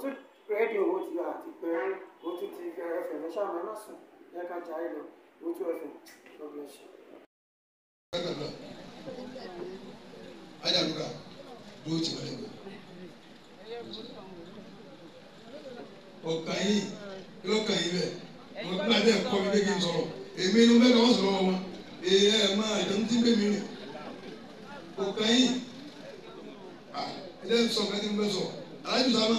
tún rédíò owó ti àti pé o tún ti fm ẹ mẹ́rin sùn yẹ jà ẹ lọ o tún fm god bless you. ayaluka dúró wọlé gbọ́ ọkàn yìí yóò kàn bẹ́ẹ̀ mo gbọ́dọ̀ àti ẹ̀kọ́ mi kékeré sọ̀rọ̀ èmi inú bẹ́ẹ̀ lọ́wọ́ sọ̀rọ̀ wọn èyí ẹ̀ máa ìdánwò tí ń bẹ̀ mí rìn ọkàn yìí ẹ̀ ẹ̀ sọ̀rọ̀ ẹ̀ ń bẹ̀ sọ̀rọ̀ alájú sábà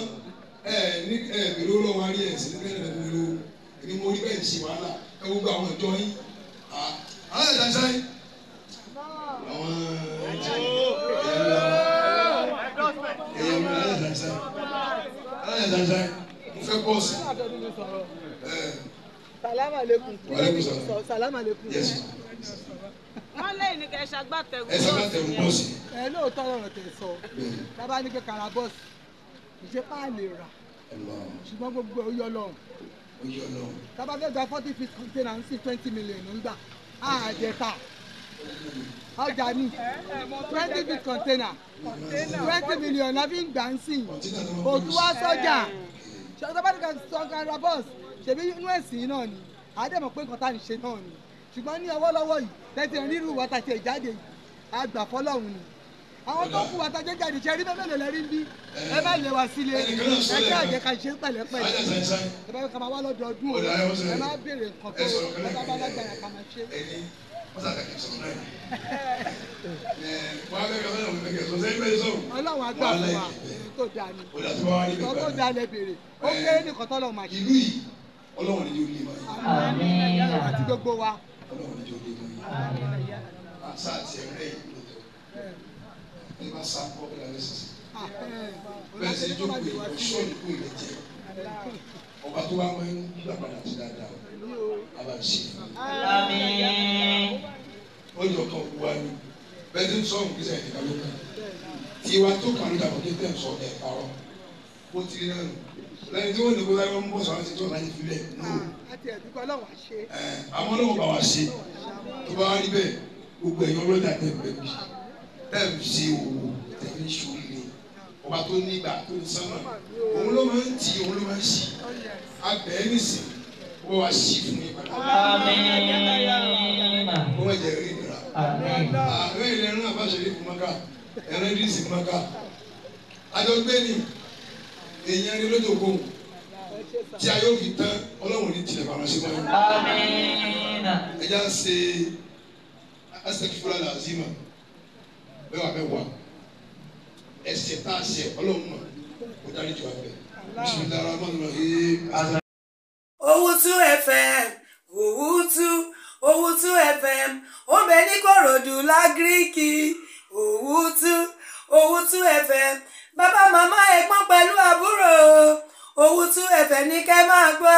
ẹ ní ẹ bèrè ó lọ́wọ́ arí ẹ̀ sí bẹ́ẹ̀ lẹ́nu ló èmi mo rí bẹ́ẹ̀ ṣe wàhálà ẹ wo gba àwọn ẹ̀jọ́ yín àwọn ẹ̀dá sáyé àwọn ẹ̀jẹ̀ ẹ̀yà mi àwọn ẹ̀dá sáyé àwọn ẹ̀dá sáyé mo fẹ́ bọ́ọ̀sì ẹ̀ salamu aleykum. waaleykum salaam. salamu aleykum. yes. wọ́n lé ìní kẹ́ ṣàgbàtẹ̀wò bọ́ọ̀sì. ẹ ṣàgbàtẹ̀wò bọ́ọ̀sì. ẹ lóòótọ́ lọ́rọ̀ tẹ̀ sọ. bàbá ní kí kàrà bọ́ọ̀sì. ìṣe páàlì rà ṣùgbọ́n gbogbo oyè ọlọ́run oyè ọlọ́run tábà fẹ́ gba forty feet container ń sí twenty million ń gbà àjẹta ọjà ni twenty feet container twenty million la fi ń gbà ń sìn òtún wá sọ́jà ṣọlá bá ti sọ ra bọ́ọ̀s ṣèbí inú ẹ̀sìn náà ni àdèmọ̀ pé nǹkan tá à ń ṣe náà ni ṣùgbọ́n ní ọwọ́ lọ́wọ́ yìí tẹ̀sí rírú wọ́tà ṣe ìjáde àgbà fọlọ́run ni àwọn tó kù àtàjẹ jáde ṣe rí bẹ́ẹ̀ lẹ́lẹ́ rí bí ẹ bá lè wá sílé ẹ jẹ́ àjẹ ká ṣe pẹ̀lẹ́pẹ̀lẹ́ ẹ bá ká máa wá lọ́dọọdún o ẹ má béèrè nǹkan tó ẹ bá bá lágbára ká máa ṣe. Ọlọ́run àgbà fún wa tó da ni ìtọ́ tó da lẹ béèrè ó kéré nìkan tó lọ́ọ́ máa ṣe. ìlú yìí Ọlọ́run ni yóò lé wa. àti gbogbo wa. Ọlọ́run ni yóò lé wa. àṣà àti ẹ̀rẹ́ yìí ló tọ́ ní bá sá kọ́ bí lálẹ́ sísè ah, eh, bẹ́ẹ̀ eh, sì eh, jókòó ìlú ọ̀ṣọ́ ìlú ilẹ̀ jẹ́ ọba tó bá máa ń gbà padà ti dáadáa a bá ṣe. ọjọ́ kan wú wa ni bẹ́ẹ̀ ti ń sọ òun kíṣẹ́ ìdíkà ló kàn tiwa tó kàn ń dàbọ̀ kí tẹ̀ ń sọ ẹ̀ parọ́ bó ti náà nù lẹ́yìn tí wọ́n ní kó láyé wọ́n mú bọ́sọ̀ láti tó láyé fi bẹ́ẹ̀ nù. àmọ́ náà bá wa ṣe tó bá wá rí gbogbo ẹ̀yọ́ ọlọ́jà tẹ̀ bẹ́ẹ̀ tẹ̀ ń ṣe òwò tẹ̀ ń ṣòwò ọba tó ní ìgbà tó ní sánmà òun ló máa ń tì òun ló máa ń ṣì abẹ́ nìsín wọ́n wá ṣì fún yín ẹran àbáṣẹ́lé fún maka ẹran díìsì èèyàn rí lójó kó tí a yóò fi tán ọlọ́run ní tilẹ̀ bàrà sí wáyé. àmín. ẹ já ṣe asẹ́kifúra làzima mẹ́wàá mẹ́wàá ẹsẹ̀ tá a ṣe ọlọ́run náà dárí jù wá bẹ̀. bisimilayi rahman rahim. Owutu FM Owutu Owutu FM ó bẹ ní Kòròdú lágíríkì Owutu Owutu FM bàbá màmá ẹ̀gbọ́n pẹ̀lú àbúrò Owutu FM ní kẹ́ máa gbọ́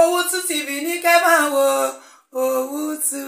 Owutu TV ní kẹ́ máa wò Owutu.